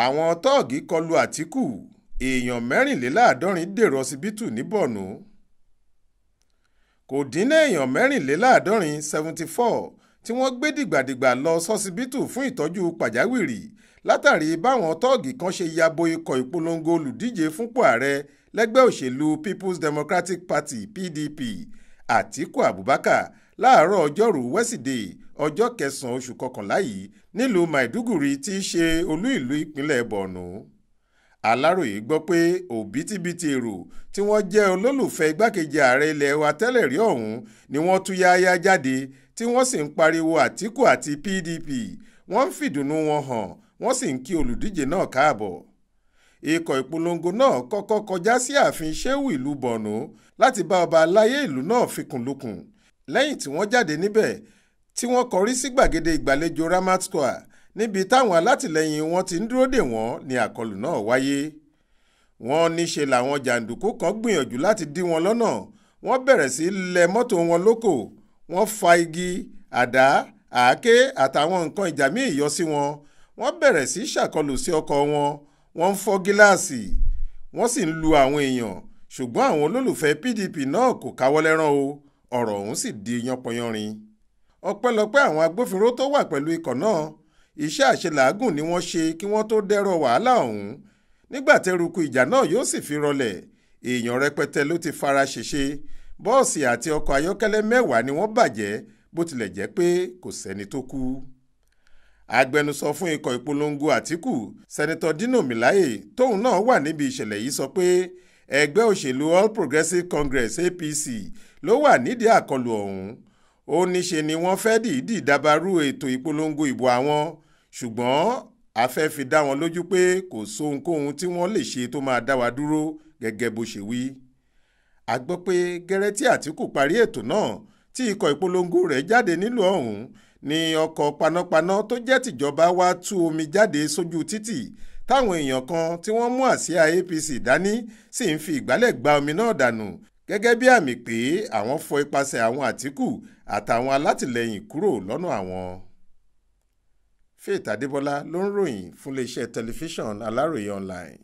àwọn tóògì kọlu àtìkù èèyàn mẹ́rìnléláàádọ́rin dèrò ọsibítù ní borno kò dín ní èèyàn mẹ́rìnléláàádọ́rin seventy four tí wọ́n gbé dìgbàdìgbà lọ sọsibítù fún ìtọ́jú pàjáwìrì látàrí báwọn tóògì kan ṣe yabo ikọ̀ ìpolongo olùdíje fúnpò ààrẹ lẹ́gbẹ́ òṣèlú people's democratic party pdp àtiku abubakar láàárọ̀ ọjọ́rùú wẹ́sídẹ̀ẹ́ ọjọ́ kẹsàn-án oṣù kọkànlá yìí nílùú maiduguri tí í ṣe olú ìlú ìpínlẹ̀ borno aláròye gbọ́ pé òbítíbitì èrò tí wọ́n jẹ́ olólùfẹ́ igbákejì ààrẹ ilẹ̀ wa tẹ́lẹ̀ rí ọ̀hún ni wọ́n tú yáyá jáde tí wọ́n sì ń pariwo àtíkù àti pdp wọ́n ń fìdùnnú wọn hàn wọ́n sì ń kí olùdíje náà káàbọ̀ ikọ̀ ìpolongo náà kọ́kọ́ kọjá sí ààfin ṣéwù ìlú borno láti bá ọba aláyé ìlú náà fikùnlukùn lẹ́yìn tí wọ́n jáde níbẹ̀ tí wọ́n kọrí sí gbàgede ìgbàlejò ramat square níbi táwọn alátìlẹyìn wọn ti ń dúró dè wọ́n ni àkọlù náà wáyé wọ́n níṣe làwọn jàǹdùkú kan gbìyànjú láti dí wọn lọ́nà wọ́n bẹ̀rẹ̀ sí lẹ mọ́tò wọn lóko wọ́n fa igi àdá àáké àtàwọn nǹkan ìjà míì yọ sí wọn wọ́n bẹ̀rẹ̀ sí ṣàkọlù sí ọkọ̀ wọn wọ́n ń fọ́ gíláàsì wọ́n sì ń lu àwọn èèyàn ṣùgbọ́n àwọn olólùfẹ́ PDP náà kò káwọ́ lẹ́rán o ọ̀rọ̀ ọ̀hún sì di yánpọnyánrin ọpẹ́lọpẹ́ àwọn agbófinró tó wà pẹ̀lú ikọ̀ náà iṣẹ́ àṣelàágùn ni wọ́n ṣe kí wọ́n tó dẹ́rọ̀ wàhálà ọ̀hún nígbà tẹ́rùkù ìjà náà yóò sì fi rọlẹ̀ èèyàn rẹpẹtẹ ló ti fara ṣèṣe bọ́ọ̀sì àti ọkọ̀ ayọ́kẹ́lẹ́ mẹ́wàá ni wọ́n bàjẹ́ bó tilẹ̀ jẹ́ pé kò sẹ́ni tó kú. agbẹnusọ fún ikọ̀ ìpolongo àtìkù sẹ́nitọ́ Dino Melaye tóun náà wà níbi ìṣẹ̀lẹ̀ yìí sọ pé ẹgbẹ́ òṣèlú All Progressives Congress APC ló wà nídìí àkọlù ọ̀hún ó níṣe ni wọ́n fẹ́ dìídì dabarú ètò ìpolongo ìbò àwọn ṣùgbọ́n a fẹ́ fi dá wọn lójú pé kò sóhunkóhun tí wọ́n lè ṣe tó máa dá wa dúró gẹ́gẹ́ bó ṣe wí. a gbọ́ pé gẹ́rẹ́ tí Àtíkù parí ètò náà tí ikọ̀ ìpolongo rẹ̀ jáde nílùú ọ̀hún ni ọkọ̀ panápaná tó jẹ́ tìjọba wá tú omi jáde sójú títì táwọn èèyàn kan tí wọ́n mú àsíá APC dání sì ń fi ìgbálẹ̀ gba omi náà dànù gẹ́gẹ́ bí àmì pé àwọn fọ ipasẹ̀ àwọn Àtíkù àtàwọn alátìlẹyìn kúrò lọ́nà àwọn. Faith Adébọlá ló ń ròyìn fún iléeṣẹ́ tẹlifíṣàn Aláròye online.